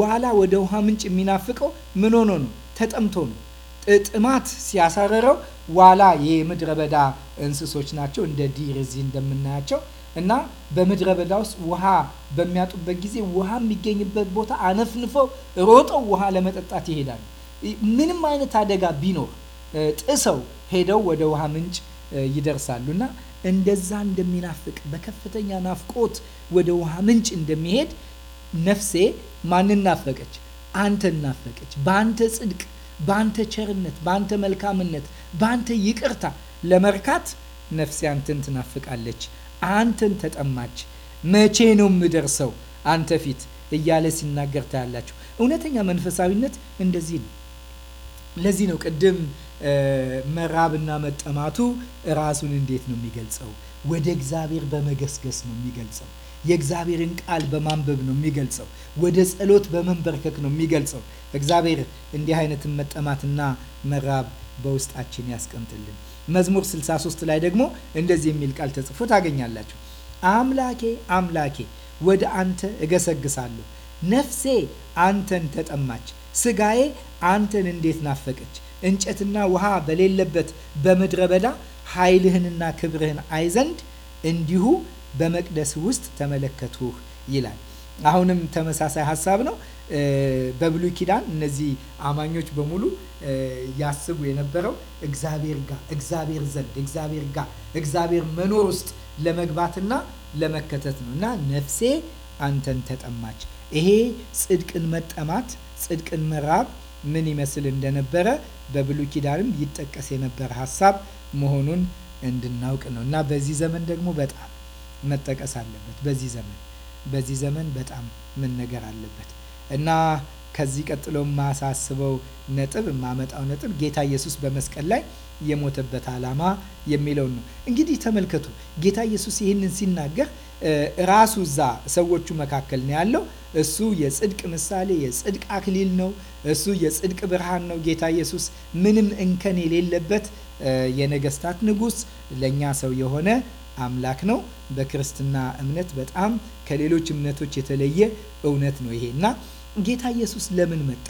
ዋላ ወደ ውሃ ምንጭ የሚናፍቀው ምን ሆኖ ነው? ተጠምቶ ነው። እጥማት ሲያሳረረው ዋላ የምድረ በዳ እንስሶች ናቸው እንደ ዲር እዚህ እንደምናያቸው እና በምድረ በዳ ውስጥ ውሃ በሚያጡበት ጊዜ ውሃ የሚገኝበት ቦታ አነፍንፈው ሮጠው ውሃ ለመጠጣት ይሄዳሉ። ምንም አይነት አደጋ ቢኖር ጥሰው ሄደው ወደ ውሃ ምንጭ ይደርሳሉ እና እንደዛ እንደሚናፍቅ በከፍተኛ ናፍቆት ወደ ውሃ ምንጭ እንደሚሄድ ነፍሴ ማንን ናፈቀች? አንተን ናፈቀች። በአንተ ጽድቅ በአንተ ቸርነት፣ በአንተ መልካምነት፣ በአንተ ይቅርታ ለመርካት ነፍሴ አንተን ትናፍቃለች፣ አንተን ተጠማች። መቼ ነው የምደርሰው አንተ ፊት እያለ ሲናገር ታያላችሁ። እውነተኛ መንፈሳዊነት እንደዚህ ነው። ለዚህ ነው ቅድም መራብና መጠማቱ ራሱን እንዴት ነው የሚገልጸው? ወደ እግዚአብሔር በመገስገስ ነው የሚገልጸው። የእግዚአብሔርን ቃል በማንበብ ነው የሚገልጸው። ወደ ጸሎት በመንበርከክ ነው የሚገልጸው። እግዚአብሔር እንዲህ አይነትን መጠማትና መራብ በውስጣችን ያስቀምጥልን። መዝሙር 63 ላይ ደግሞ እንደዚህ የሚል ቃል ተጽፎ ታገኛላችሁ። አምላኬ አምላኬ ወደ አንተ እገሰግሳለሁ፣ ነፍሴ አንተን ተጠማች፣ ስጋዬ አንተን እንዴት ናፈቀች። እንጨትና ውሃ በሌለበት በምድረ በዳ ኃይልህንና ክብርህን አይ ዘንድ እንዲሁ በመቅደስ ውስጥ ተመለከትሁህ ይላል። አሁንም ተመሳሳይ ሀሳብ ነው። በብሉይ ኪዳን እነዚህ አማኞች በሙሉ ያስቡ የነበረው እግዚአብሔር ጋር እግዚአብሔር ዘንድ እግዚአብሔር ጋር እግዚአብሔር መኖር ውስጥ ለመግባትና ለመከተት ነው እና ነፍሴ አንተን ተጠማች። ይሄ ጽድቅን መጠማት ጽድቅን መራብ ምን ይመስል እንደነበረ በብሉይ ኪዳንም ይጠቀስ የነበረ ሀሳብ መሆኑን እንድናውቅ ነው እና በዚህ ዘመን ደግሞ በጣም መጠቀስ አለበት። በዚህ ዘመን በዚህ ዘመን በጣም መነገር አለበት። እና ከዚህ ቀጥሎ የማሳስበው ነጥብ የማመጣው ነጥብ ጌታ ኢየሱስ በመስቀል ላይ የሞተበት ዓላማ የሚለውን ነው። እንግዲህ ተመልከቱ፣ ጌታ ኢየሱስ ይህንን ሲናገር ራሱ እዛ ሰዎቹ መካከል ነው ያለው። እሱ የጽድቅ ምሳሌ የጽድቅ አክሊል ነው። እሱ የጽድቅ ብርሃን ነው። ጌታ ኢየሱስ ምንም እንከን የሌለበት የነገስታት ንጉስ ለእኛ ሰው የሆነ አምላክ ነው። በክርስትና እምነት በጣም ከሌሎች እምነቶች የተለየ እውነት ነው ይሄና ጌታ ኢየሱስ ለምን መጣ?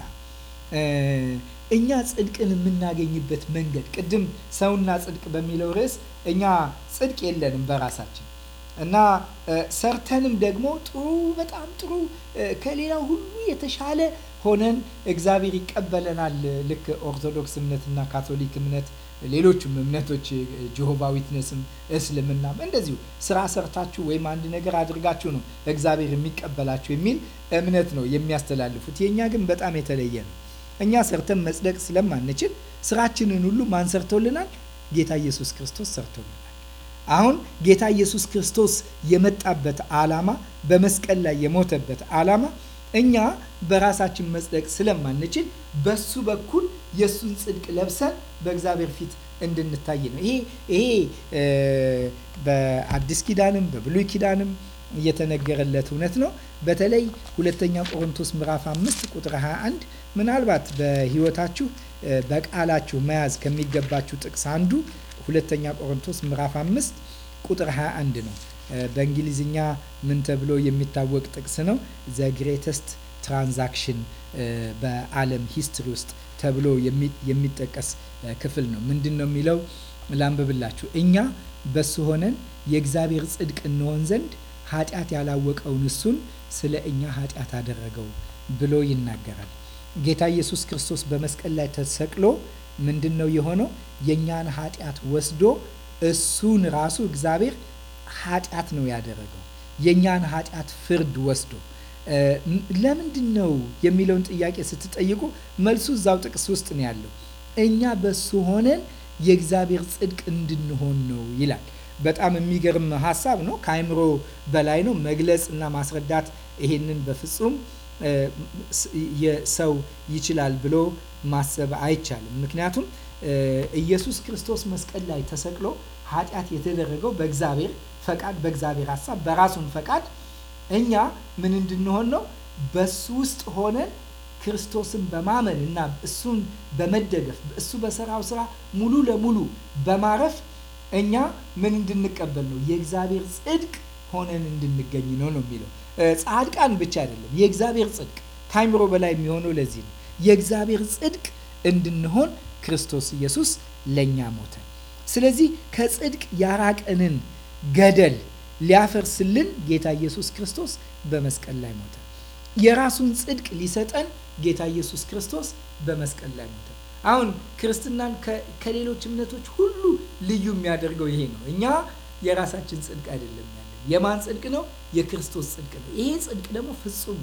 እኛ ጽድቅን የምናገኝበት መንገድ ቅድም ሰውና ጽድቅ በሚለው ርዕስ እኛ ጽድቅ የለንም በራሳችን እና ሰርተንም ደግሞ ጥሩ በጣም ጥሩ ከሌላው ሁሉ የተሻለ ሆነን እግዚአብሔር ይቀበለናል። ልክ ኦርቶዶክስ እምነትና ካቶሊክ እምነት ሌሎችም እምነቶች ጆሆባ ዊትነስም፣ እስልምናም እንደዚሁ ስራ ሰርታችሁ ወይም አንድ ነገር አድርጋችሁ ነው እግዚአብሔር የሚቀበላችሁ የሚል እምነት ነው የሚያስተላልፉት። የእኛ ግን በጣም የተለየ ነው። እኛ ሰርተን መጽደቅ ስለማንችል ስራችንን ሁሉ ማን ሰርቶልናል? ጌታ ኢየሱስ ክርስቶስ ሰርቶልናል። አሁን ጌታ ኢየሱስ ክርስቶስ የመጣበት ዓላማ በመስቀል ላይ የሞተበት ዓላማ እኛ በራሳችን መጽደቅ ስለማንችል በሱ በኩል የእሱን ጽድቅ ለብሰን በእግዚአብሔር ፊት እንድንታይ ነው። ይሄ ይሄ በአዲስ ኪዳንም በብሉይ ኪዳንም እየተነገረለት እውነት ነው። በተለይ ሁለተኛ ቆሮንቶስ ምዕራፍ አምስት ቁጥር 21 ምናልባት በህይወታችሁ በቃላችሁ መያዝ ከሚገባችሁ ጥቅስ አንዱ ሁለተኛ ቆሮንቶስ ምዕራፍ 5 ቁጥር 21 ነው። በእንግሊዝኛ ምን ተብሎ የሚታወቅ ጥቅስ ነው? ዘ ግሬተስት ትራንዛክሽን በዓለም ሂስትሪ ውስጥ ተብሎ የሚጠቀስ ክፍል ነው። ምንድን ነው የሚለው? ላንብብላችሁ። እኛ በሱ ሆነን የእግዚአብሔር ጽድቅ እንሆን ዘንድ ኃጢአት ያላወቀውን እሱን ስለ እኛ ኃጢአት አደረገው ብሎ ይናገራል። ጌታ ኢየሱስ ክርስቶስ በመስቀል ላይ ተሰቅሎ ምንድን ነው የሆነው? የእኛን ኃጢአት ወስዶ እሱን ራሱ እግዚአብሔር ኃጢአት ነው ያደረገው የእኛን ኃጢአት ፍርድ ወስዶ ለምንድን ነው የሚለውን ጥያቄ ስትጠይቁ መልሱ እዛው ጥቅስ ውስጥ ነው ያለው። እኛ በሱ ሆነን የእግዚአብሔር ጽድቅ እንድንሆን ነው ይላል። በጣም የሚገርም ሀሳብ ነው። ከአእምሮ በላይ ነው መግለጽ እና ማስረዳት ይሄንን በፍጹም ሰው ይችላል ብሎ ማሰብ አይቻልም። ምክንያቱም ኢየሱስ ክርስቶስ መስቀል ላይ ተሰቅሎ ኃጢአት የተደረገው በእግዚአብሔር ፈቃድ፣ በእግዚአብሔር ሀሳብ፣ በራሱን ፈቃድ እኛ ምን እንድንሆን ነው? በሱ ውስጥ ሆነን ክርስቶስን በማመን እና እሱን በመደገፍ እሱ በሰራው ስራ ሙሉ ለሙሉ በማረፍ እኛ ምን እንድንቀበል ነው? የእግዚአብሔር ጽድቅ ሆነን እንድንገኝ ነው ነው የሚለው ጻድቃን ብቻ አይደለም፣ የእግዚአብሔር ጽድቅ ከአይምሮ በላይ የሚሆነው ለዚህ ነው። የእግዚአብሔር ጽድቅ እንድንሆን ክርስቶስ ኢየሱስ ለእኛ ሞተ። ስለዚህ ከጽድቅ ያራቀንን ገደል ሊያፈርስልን ጌታ ኢየሱስ ክርስቶስ በመስቀል ላይ ሞተ። የራሱን ጽድቅ ሊሰጠን ጌታ ኢየሱስ ክርስቶስ በመስቀል ላይ ሞተ። አሁን ክርስትናን ከሌሎች እምነቶች ሁሉ ልዩ የሚያደርገው ይሄ ነው። እኛ የራሳችን ጽድቅ አይደለም ያለን። የማን ጽድቅ ነው? የክርስቶስ ጽድቅ ነው። ይሄ ጽድቅ ደግሞ ፍጹም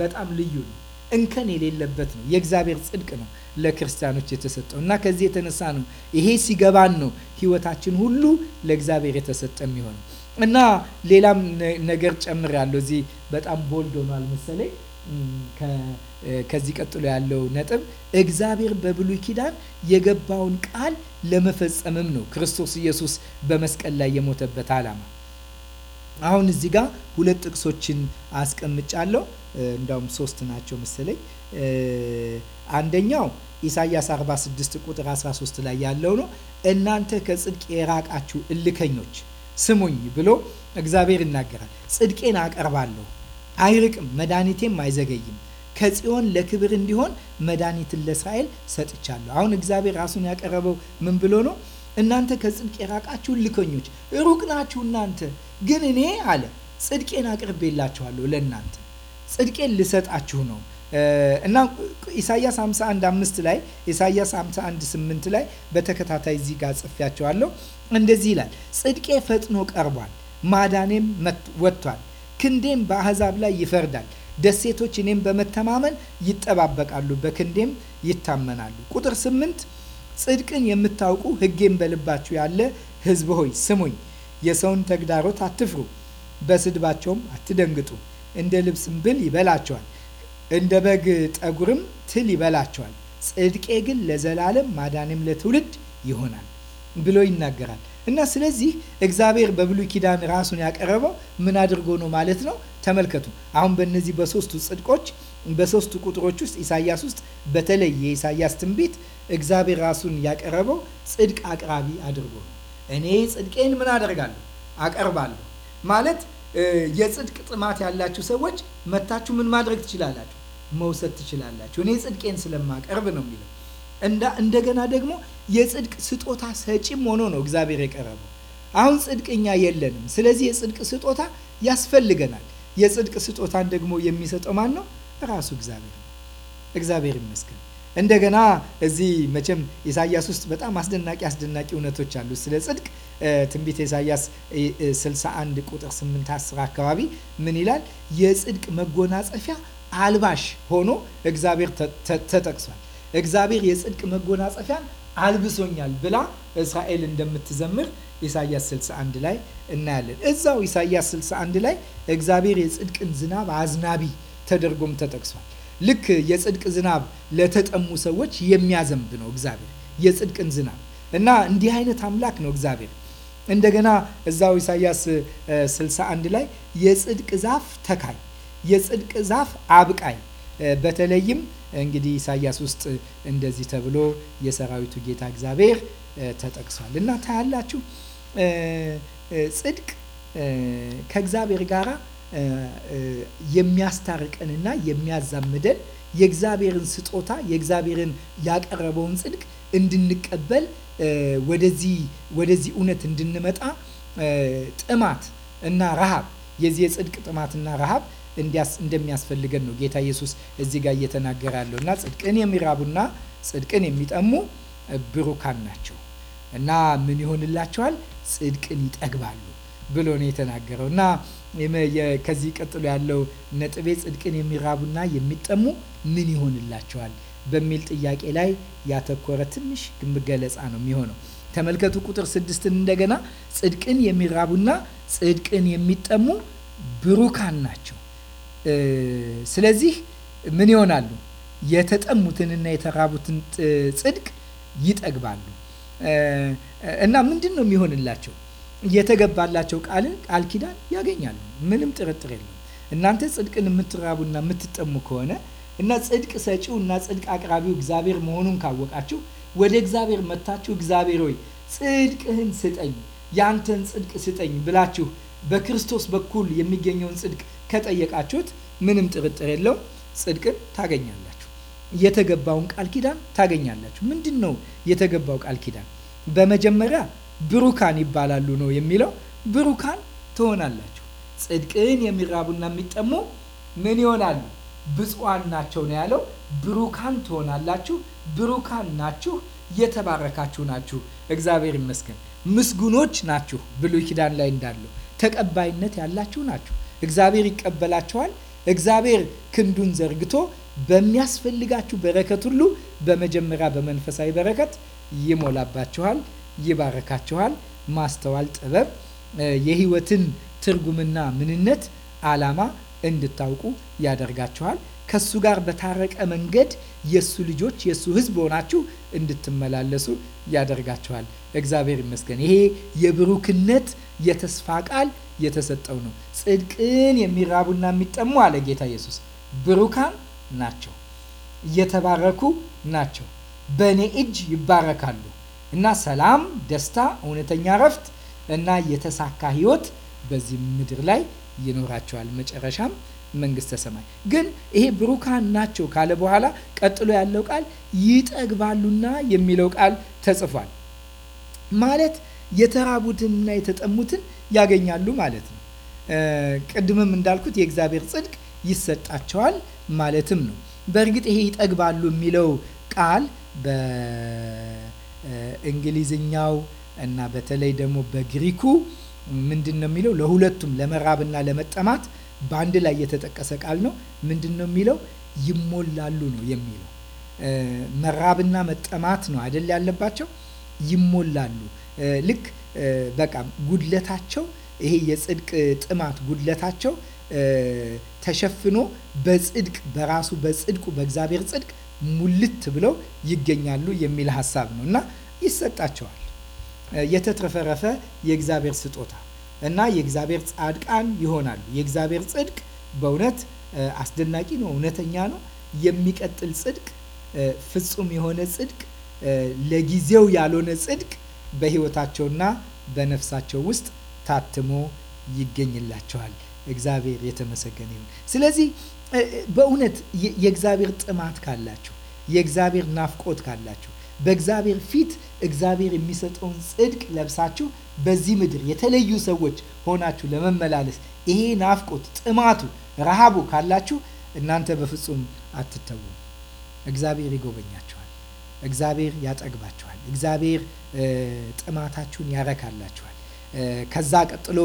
በጣም ልዩ ነው። እንከን የሌለበት ነው። የእግዚአብሔር ጽድቅ ነው ለክርስቲያኖች የተሰጠው እና ከዚህ የተነሳ ነው ይሄ ሲገባን ነው ህይወታችን ሁሉ ለእግዚአብሔር የተሰጠ የሚሆነው። እና ሌላም ነገር ያለው እዚህ በጣም ቦልድ ሆኗል መሰለኝ። ከዚህ ቀጥሎ ያለው ነጥብ እግዚአብሔር በብሉይ ኪዳን የገባውን ቃል ለመፈጸምም ነው ክርስቶስ ኢየሱስ በመስቀል ላይ የሞተበት ዓላማ። አሁን እዚህ ጋር ሁለት ጥቅሶችን አስቀምጫለሁ። እንዳውም ሶስት ናቸው መሰለኝ። አንደኛው ኢሳያስ 46 ቁጥር 13 ላይ ያለው ነው። እናንተ ከጽድቅ የራቃችሁ እልከኞች ስሙኝ ብሎ እግዚአብሔር ይናገራል። ጽድቄን አቀርባለሁ፣ አይርቅም፣ መድኃኒቴም አይዘገይም። ከጽዮን ለክብር እንዲሆን መድኃኒትን ለእስራኤል ሰጥቻለሁ። አሁን እግዚአብሔር ራሱን ያቀረበው ምን ብሎ ነው? እናንተ ከጽድቅ የራቃችሁ ልከኞች ሩቅ ናችሁ እናንተ ግን እኔ አለ ጽድቄን አቅርቤላችኋለሁ ለእናንተ ጽድቄን ልሰጣችሁ ነው እና ኢሳያስ 51 ላይ ኢሳያስ 51 8 ላይ በተከታታይ እዚህ ጋር ጽፌያቸዋለሁ እንደዚህ ይላል፣ ጽድቄ ፈጥኖ ቀርቧል፣ ማዳኔም ወጥቷል፣ ክንዴም በአሕዛብ ላይ ይፈርዳል። ደሴቶች እኔም በመተማመን ይጠባበቃሉ፣ በክንዴም ይታመናሉ። ቁጥር ስምንት ጽድቅን የምታውቁ ሕጌም በልባችሁ ያለ ሕዝብ ሆይ ስሙኝ። የሰውን ተግዳሮት አትፍሩ፣ በስድባቸውም አትደንግጡ። እንደ ልብስም ብል ይበላቸዋል፣ እንደ በግ ጠጉርም ትል ይበላቸዋል። ጽድቄ ግን ለዘላለም ማዳንም ለትውልድ ይሆናል። ብሎ ይናገራል። እና ስለዚህ እግዚአብሔር በብሉይ ኪዳን ራሱን ያቀረበው ምን አድርጎ ነው ማለት ነው? ተመልከቱ። አሁን በእነዚህ በሶስቱ ጽድቆች በሶስቱ ቁጥሮች ውስጥ ኢሳያስ ውስጥ በተለይ የኢሳያስ ትንቢት እግዚአብሔር ራሱን ያቀረበው ጽድቅ አቅራቢ አድርጎ ነው። እኔ ጽድቄን ምን አደርጋለሁ? አቀርባለሁ ማለት የጽድቅ ጥማት ያላችሁ ሰዎች መታችሁ ምን ማድረግ ትችላላችሁ? መውሰድ ትችላላችሁ። እኔ ጽድቄን ስለማቀርብ ነው የሚለው እንደገና ደግሞ የጽድቅ ስጦታ ሰጪም ሆኖ ነው እግዚአብሔር የቀረበው። አሁን ጽድቅኛ የለንም። ስለዚህ የጽድቅ ስጦታ ያስፈልገናል። የጽድቅ ስጦታን ደግሞ የሚሰጠው ማን ነው? ራሱ እግዚአብሔር ነው። እግዚአብሔር ይመስገን። እንደገና እዚህ መቼም ኢሳያስ ውስጥ በጣም አስደናቂ አስደናቂ እውነቶች አሉ። ስለ ጽድቅ ትንቢት ኢሳያስ 61 ቁጥር 8 10 አካባቢ ምን ይላል? የጽድቅ መጎናጸፊያ አልባሽ ሆኖ እግዚአብሔር ተጠቅሷል። እግዚአብሔር የጽድቅ መጎናጸፊያን አልብሶኛል ብላ እስራኤል እንደምትዘምር ኢሳያስ 61 ላይ እናያለን። እዛው ኢሳያስ 61 ላይ እግዚአብሔር የጽድቅን ዝናብ አዝናቢ ተደርጎም ተጠቅሷል። ልክ የጽድቅ ዝናብ ለተጠሙ ሰዎች የሚያዘንብ ነው እግዚአብሔር የጽድቅን ዝናብ እና እንዲህ አይነት አምላክ ነው እግዚአብሔር። እንደገና እዛው ኢሳያስ 61 ላይ የጽድቅ ዛፍ ተካይ፣ የጽድቅ ዛፍ አብቃይ በተለይም እንግዲህ ኢሳያስ ውስጥ እንደዚህ ተብሎ የሰራዊቱ ጌታ እግዚአብሔር ተጠቅሷል እና ታያላችሁ ጽድቅ ከእግዚአብሔር ጋር የሚያስታርቀንና የሚያዛምደን የእግዚአብሔርን ስጦታ የእግዚአብሔርን ያቀረበውን ጽድቅ እንድንቀበል ወደዚህ ወደዚህ እውነት እንድንመጣ ጥማት እና ረሃብ የዚህ የጽድቅ ጥማትና ረሃብ እንደሚያስፈልገን ነው ጌታ ኢየሱስ እዚህ ጋር እየተናገረ ያለው እና ጽድቅን የሚራቡና ጽድቅን የሚጠሙ ብሩካን ናቸው እና ምን ይሆንላቸዋል? ጽድቅን ይጠግባሉ ብሎ ነው የተናገረው እና ከዚህ ቀጥሎ ያለው ነጥቤ ጽድቅን የሚራቡና የሚጠሙ ምን ይሆንላቸዋል በሚል ጥያቄ ላይ ያተኮረ ትንሽ ገለጻ ነው የሚሆነው። ተመልከቱ ቁጥር ስድስትን እንደገና ጽድቅን የሚራቡና ጽድቅን የሚጠሙ ብሩካን ናቸው ስለዚህ ምን ይሆናሉ? የተጠሙትንና የተራቡትን ጽድቅ ይጠግባሉ። እና ምንድን ነው የሚሆንላቸው? የተገባላቸው ቃልን ቃል ኪዳን ያገኛሉ። ምንም ጥርጥር የለም። እናንተ ጽድቅን የምትራቡና የምትጠሙ ከሆነ እና ጽድቅ ሰጪው እና ጽድቅ አቅራቢው እግዚአብሔር መሆኑን ካወቃችሁ ወደ እግዚአብሔር መታችሁ እግዚአብሔር ሆይ ጽድቅህን ስጠኝ፣ ያንተን ጽድቅ ስጠኝ ብላችሁ በክርስቶስ በኩል የሚገኘውን ጽድቅ ከጠየቃችሁት ምንም ጥርጥር የለው ጽድቅን ታገኛላችሁ። የተገባውን ቃል ኪዳን ታገኛላችሁ። ምንድን ነው የተገባው ቃል ኪዳን? በመጀመሪያ ብሩካን ይባላሉ ነው የሚለው። ብሩካን ትሆናላችሁ። ጽድቅን የሚራቡና የሚጠሙ ምን ይሆናሉ? ብፁዓን ናቸው ነው ያለው። ብሩካን ትሆናላችሁ። ብሩካን ናችሁ፣ የተባረካችሁ ናችሁ። እግዚአብሔር ይመስገን። ምስጉኖች ናችሁ፣ ብሉይ ኪዳን ላይ እንዳለው ተቀባይነት ያላችሁ ናችሁ። እግዚአብሔር ይቀበላችኋል። እግዚአብሔር ክንዱን ዘርግቶ በሚያስፈልጋችሁ በረከት ሁሉ በመጀመሪያ በመንፈሳዊ በረከት ይሞላባችኋል፣ ይባረካችኋል። ማስተዋል፣ ጥበብ፣ የህይወትን ትርጉምና ምንነት ዓላማ እንድታውቁ ያደርጋችኋል። ከሱ ጋር በታረቀ መንገድ የእሱ ልጆች የእሱ ህዝብ ሆናችሁ እንድትመላለሱ ያደርጋችኋል። እግዚአብሔር ይመስገን። ይሄ የብሩክነት የተስፋ ቃል የተሰጠው ነው። ጽድቅን የሚራቡና የሚጠሙ አለ ጌታ ኢየሱስ ብሩካን ናቸው፣ እየተባረኩ ናቸው፣ በእኔ እጅ ይባረካሉ እና ሰላም፣ ደስታ፣ እውነተኛ እረፍት እና የተሳካ ህይወት በዚህ ምድር ላይ ይኖራቸዋል። መጨረሻም መንግስተ ሰማይ ግን ይሄ ብሩካን ናቸው ካለ በኋላ ቀጥሎ ያለው ቃል ይጠግባሉና የሚለው ቃል ተጽፏል። ማለት የተራቡትንና የተጠሙትን ያገኛሉ ማለት ነው። ቅድምም እንዳልኩት የእግዚአብሔር ጽድቅ ይሰጣቸዋል ማለትም ነው። በእርግጥ ይሄ ይጠግባሉ የሚለው ቃል በእንግሊዝኛው እና በተለይ ደግሞ በግሪኩ ምንድን ነው የሚለው? ለሁለቱም ለመራብና ለመጠማት በአንድ ላይ የተጠቀሰ ቃል ነው። ምንድን ነው የሚለው? ይሞላሉ ነው የሚለው። መራብና መጠማት ነው አይደል ያለባቸው? ይሞላሉ ልክ በቃ ጉድለታቸው ይሄ የጽድቅ ጥማት ጉድለታቸው ተሸፍኖ በጽድቅ በራሱ በጽድቁ በእግዚአብሔር ጽድቅ ሙልት ብለው ይገኛሉ የሚል ሀሳብ ነው እና ይሰጣቸዋል የተትረፈረፈ የእግዚአብሔር ስጦታ እና የእግዚአብሔር ጻድቃን ይሆናሉ። የእግዚአብሔር ጽድቅ በእውነት አስደናቂ ነው፣ እውነተኛ ነው። የሚቀጥል ጽድቅ፣ ፍጹም የሆነ ጽድቅ፣ ለጊዜው ያልሆነ ጽድቅ በህይወታቸውና በነፍሳቸው ውስጥ ታትሞ ይገኝላቸዋል። እግዚአብሔር የተመሰገነ ይሁን። ስለዚህ በእውነት የእግዚአብሔር ጥማት ካላችሁ፣ የእግዚአብሔር ናፍቆት ካላችሁ፣ በእግዚአብሔር ፊት እግዚአብሔር የሚሰጠውን ጽድቅ ለብሳችሁ በዚህ ምድር የተለዩ ሰዎች ሆናችሁ ለመመላለስ ይሄ ናፍቆት፣ ጥማቱ፣ ረሃቡ ካላችሁ እናንተ በፍጹም አትተዉ። እግዚአብሔር ይጎበኛችኋል። እግዚአብሔር ያጠግባችኋል። እግዚአብሔር ጥማታችሁን ያረካላችኋል። ከዛ ቀጥሎ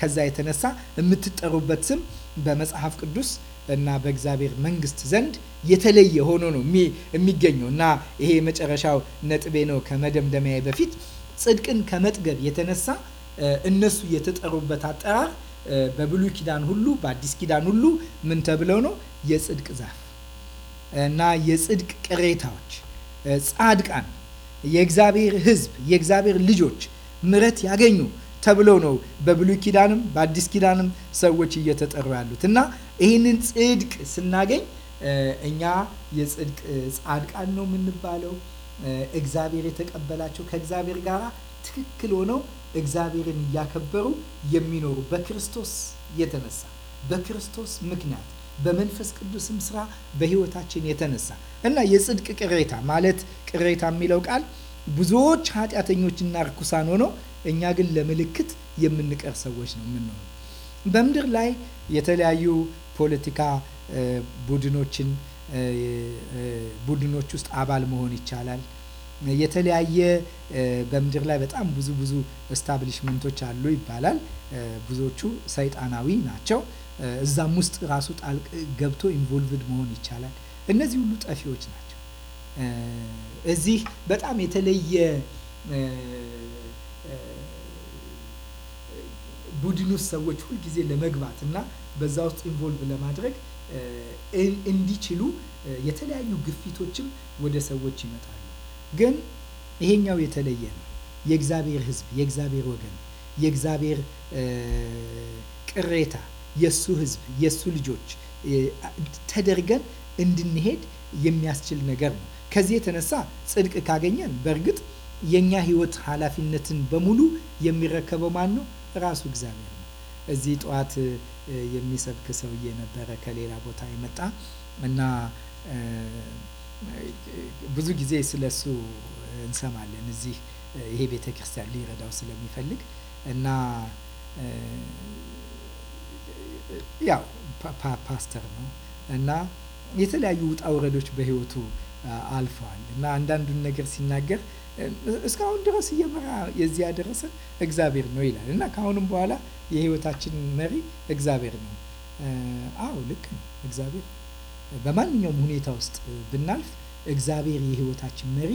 ከዛ የተነሳ የምትጠሩበት ስም በመጽሐፍ ቅዱስ እና በእግዚአብሔር መንግስት ዘንድ የተለየ ሆኖ ነው የሚገኘው እና ይሄ የመጨረሻው ነጥቤ ነው። ከመደምደሚያ በፊት ጽድቅን ከመጥገብ የተነሳ እነሱ የተጠሩበት አጠራር በብሉይ ኪዳን ሁሉ በአዲስ ኪዳን ሁሉ ምን ተብለው ነው? የጽድቅ ዛፍ እና የጽድቅ ቅሬታዎች፣ ጻድቃን፣ የእግዚአብሔር ህዝብ የእግዚአብሔር ልጆች ምረት ያገኙ ተብሎ ነው በብሉይ ኪዳንም በአዲስ ኪዳንም ሰዎች እየተጠሩ ያሉት እና ይህንን ጽድቅ ስናገኝ እኛ የጽድቅ ጻድቃን ነው የምንባለው። እግዚአብሔር የተቀበላቸው ከእግዚአብሔር ጋር ትክክል ሆነው እግዚአብሔርን እያከበሩ የሚኖሩ በክርስቶስ የተነሳ በክርስቶስ ምክንያት በመንፈስ ቅዱስም ስራ በህይወታችን የተነሳ እና የጽድቅ ቅሬታ ማለት ቅሬታ የሚለው ቃል ብዙዎች ኃጢአተኞችና ርኩሳን ሆነው እኛ ግን ለምልክት የምንቀር ሰዎች ነው የምንሆነው። በምድር ላይ የተለያዩ ፖለቲካ ቡድኖችን ቡድኖች ውስጥ አባል መሆን ይቻላል። የተለያየ በምድር ላይ በጣም ብዙ ብዙ እስታብሊሽመንቶች አሉ ይባላል። ብዙዎቹ ሰይጣናዊ ናቸው። እዛም ውስጥ ራሱ ጣልቅ ገብቶ ኢንቮልቭድ መሆን ይቻላል። እነዚህ ሁሉ ጠፊዎች ናቸው። እዚህ በጣም የተለየ ቡድን ውስጥ ሰዎች ሁልጊዜ ለመግባት እና በዛ ውስጥ ኢንቮልቭ ለማድረግ እንዲችሉ የተለያዩ ግፊቶችም ወደ ሰዎች ይመጣሉ። ግን ይሄኛው የተለየ ነው። የእግዚአብሔር ሕዝብ፣ የእግዚአብሔር ወገን፣ የእግዚአብሔር ቅሬታ፣ የእሱ ሕዝብ፣ የእሱ ልጆች ተደርገን እንድንሄድ የሚያስችል ነገር ነው። ከዚህ የተነሳ ጽድቅ ካገኘን በእርግጥ የእኛ ህይወት ኃላፊነትን በሙሉ የሚረከበው ማን ነው? ራሱ እግዚአብሔር ነው። እዚህ ጠዋት የሚሰብክ ሰውዬ ነበረ ከሌላ ቦታ የመጣ እና ብዙ ጊዜ ስለሱ እንሰማለን እዚህ ይሄ ቤተ ክርስቲያን ሊረዳው ስለሚፈልግ እና ያው ፓስተር ነው እና የተለያዩ ውጣ ውረዶች በህይወቱ አልፈዋል እና አንዳንዱን ነገር ሲናገር እስካሁን ድረስ እየመራ የዚህ ያደረሰ እግዚአብሔር ነው ይላል እና ከአሁንም በኋላ የህይወታችን መሪ እግዚአብሔር ነው። አዎ ልክ ነው። እግዚአብሔር በማንኛውም ሁኔታ ውስጥ ብናልፍ እግዚአብሔር የህይወታችን መሪ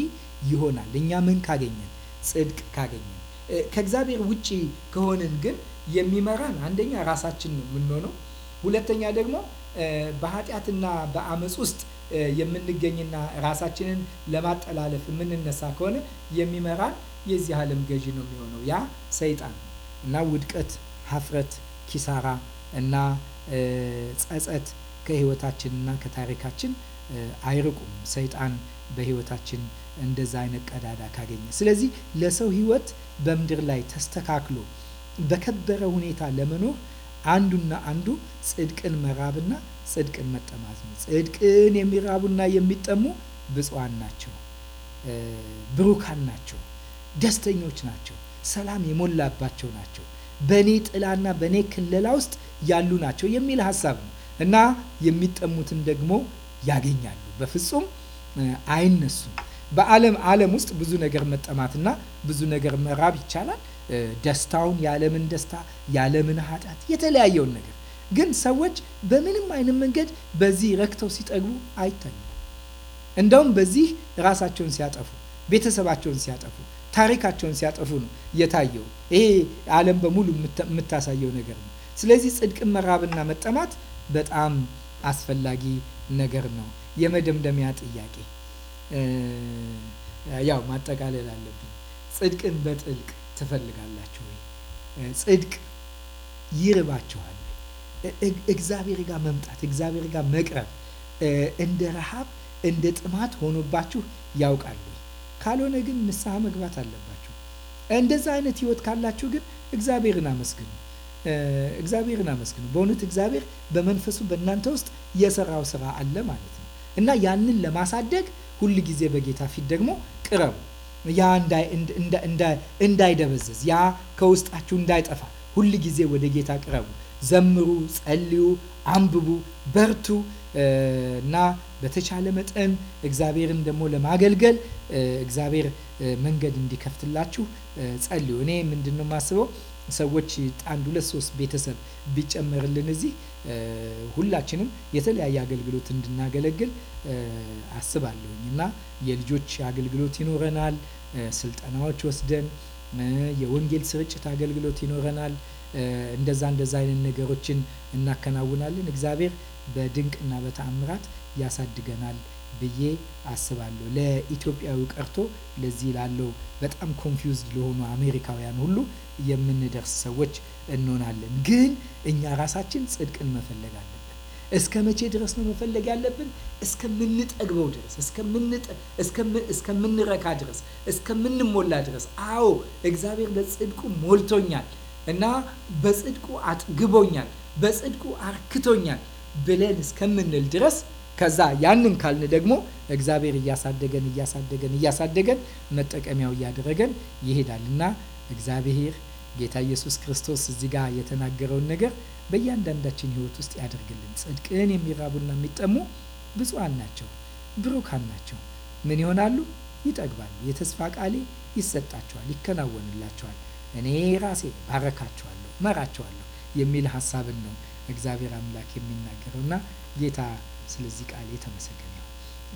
ይሆናል። እኛ ምን ካገኘን? ጽድቅ ካገኘን። ከእግዚአብሔር ውጪ ከሆንን ግን የሚመራን አንደኛ ራሳችን ነው የምንሆነው፣ ሁለተኛ ደግሞ በኃጢአትና በአመፅ ውስጥ የምንገኝና ራሳችንን ለማጠላለፍ የምንነሳ ከሆነ የሚመራን የዚህ ዓለም ገዢ ነው የሚሆነው። ያ ሰይጣን እና ውድቀት፣ ሀፍረት፣ ኪሳራ እና ጸጸት ከህይወታችንና ከታሪካችን አይርቁም። ሰይጣን በህይወታችን እንደዛ አይነት ቀዳዳ ካገኘ ስለዚህ ለሰው ህይወት በምድር ላይ ተስተካክሎ በከበረ ሁኔታ ለመኖር አንዱና አንዱ ጽድቅን መራብና ጽድቅን መጠማት ነው። ጽድቅን የሚራቡና የሚጠሙ ብፁዓን ናቸው፣ ብሩካን ናቸው፣ ደስተኞች ናቸው፣ ሰላም የሞላባቸው ናቸው፣ በእኔ ጥላና በእኔ ክለላ ውስጥ ያሉ ናቸው የሚል ሀሳብ ነው እና የሚጠሙትን ደግሞ ያገኛሉ። በፍጹም አይነሱም። በዓለም ዓለም ውስጥ ብዙ ነገር መጠማትና ብዙ ነገር መራብ ይቻላል። ደስታውን፣ የዓለምን ደስታ፣ የዓለምን ኃጢአት፣ የተለያየውን ነገር ግን ሰዎች በምንም አይነት መንገድ በዚህ ረክተው ሲጠግቡ አይታዩ። እንደውም በዚህ ራሳቸውን ሲያጠፉ፣ ቤተሰባቸውን ሲያጠፉ፣ ታሪካቸውን ሲያጠፉ ነው የታየው። ይሄ ዓለም በሙሉ የምታሳየው ነገር ነው። ስለዚህ ጽድቅ መራብና መጠማት በጣም አስፈላጊ ነገር ነው። የመደምደሚያ ጥያቄ ያው ማጠቃለል አለብኝ። ጽድቅን በጥልቅ ትፈልጋላችሁ ወይ? ጽድቅ ይርባችኋል? እግዚአብሔር ጋር መምጣት እግዚአብሔር ጋር መቅረብ እንደ ረሃብ እንደ ጥማት ሆኖባችሁ ያውቃሉ። ካልሆነ ግን ንስሐ መግባት አለባችሁ። እንደዛ አይነት ህይወት ካላችሁ ግን እግዚአብሔርን አመስግኑ። እግዚአብሔርን አመስግኑ። በእውነት እግዚአብሔር በመንፈሱ በእናንተ ውስጥ የሰራው ስራ አለ ማለት ነው እና ያንን ለማሳደግ ሁል ጊዜ በጌታ ፊት ደግሞ ቅረቡ። ያ እንዳይደበዘዝ፣ ያ ከውስጣችሁ እንዳይጠፋ ሁል ጊዜ ወደ ጌታ ቅረቡ። ዘምሩ፣ ጸልዩ፣ አንብቡ፣ በርቱ እና በተቻለ መጠን እግዚአብሔርን ደግሞ ለማገልገል እግዚአብሔር መንገድ እንዲከፍትላችሁ ጸልዩ። እኔ ምንድን ነው የማስበው ሰዎች አንድ ሁለት ሶስት ቤተሰብ ቢጨመርልን እዚህ ሁላችንም የተለያየ አገልግሎት እንድናገለግል አስባለሁኝ እና የልጆች አገልግሎት ይኖረናል። ስልጠናዎች ወስደን የወንጌል ስርጭት አገልግሎት ይኖረናል። እንደዛ እንደዛ አይነት ነገሮችን እናከናውናለን። እግዚአብሔር በድንቅ እና በተአምራት ያሳድገናል ብዬ አስባለሁ። ለኢትዮጵያዊ ቀርቶ ለዚህ ላለው በጣም ኮንፊውዝድ ለሆኑ አሜሪካውያን ሁሉ የምንደርስ ሰዎች እንሆናለን። ግን እኛ ራሳችን ጽድቅን መፈለግ አለብን። እስከ መቼ ድረስ ነው መፈለግ ያለብን? እስከምንጠግበው ድረስ፣ እስከምንረካ ድረስ፣ እስከምንሞላ ድረስ። አዎ እግዚአብሔር በጽድቁ ሞልቶኛል እና በጽድቁ አጥግቦኛል፣ በጽድቁ አርክቶኛል ብለን እስከምንል ድረስ ከዛ ያንን ካልን ደግሞ እግዚአብሔር እያሳደገን እያሳደገን እያሳደገን መጠቀሚያው እያደረገን ይሄዳል እና እግዚአብሔር ጌታ ኢየሱስ ክርስቶስ እዚህ ጋር የተናገረውን ነገር በእያንዳንዳችን ሕይወት ውስጥ ያደርግልን። ጽድቅን የሚራቡና የሚጠሙ ብፁዓን ናቸው፣ ብሩካን ናቸው። ምን ይሆናሉ? ይጠግባሉ። የተስፋ ቃሌ ይሰጣቸዋል፣ ይከናወንላቸዋል። እኔ ራሴ ባረካቸዋለሁ፣ መራቸዋለሁ የሚል ሀሳብን ነው እግዚአብሔር አምላክ የሚናገረው እና ጌታ ስለዚህ ቃል የተመሰገነ